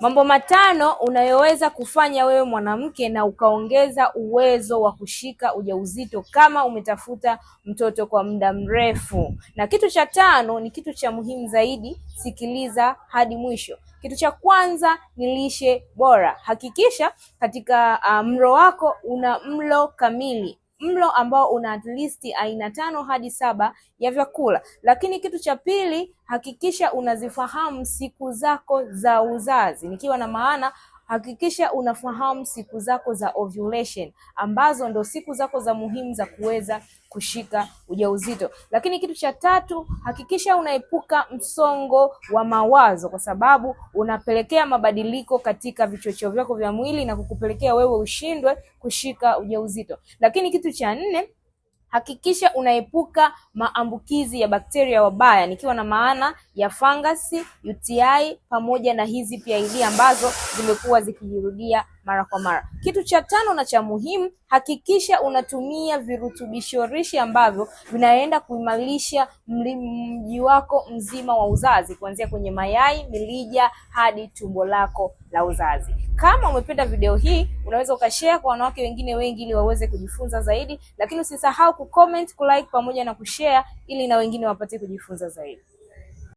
Mambo matano unayoweza kufanya wewe mwanamke na ukaongeza uwezo wa kushika ujauzito kama umetafuta mtoto kwa muda mrefu. Na kitu cha tano ni kitu cha muhimu zaidi, sikiliza hadi mwisho. Kitu cha kwanza ni lishe bora. Hakikisha katika uh, mlo wako una mlo kamili mlo ambao una at least aina tano hadi saba ya vyakula. Lakini kitu cha pili, hakikisha unazifahamu siku zako za uzazi, nikiwa na maana Hakikisha unafahamu siku zako za ovulation ambazo ndo siku zako za muhimu za kuweza kushika ujauzito. Lakini kitu cha tatu, hakikisha unaepuka msongo wa mawazo, kwa sababu unapelekea mabadiliko katika vichocheo vyako vya mwili na kukupelekea wewe ushindwe kushika ujauzito. Lakini kitu cha nne Hakikisha unaepuka maambukizi ya bakteria wabaya, nikiwa na maana ya fangasi, UTI pamoja na hizi PID ambazo zimekuwa zikijirudia mara kwa mara. Kitu cha tano na cha muhimu, hakikisha unatumia virutubisho rishi ambavyo vinaenda kuimarisha mji wako mzima wa uzazi, kuanzia kwenye mayai, milija hadi tumbo lako la uzazi. Kama umependa video hii, unaweza ukashare kwa wanawake wengine wengi ili waweze kujifunza zaidi, lakini usisahau kucomment, kulike pamoja na kushare ili na wengine wapate kujifunza zaidi.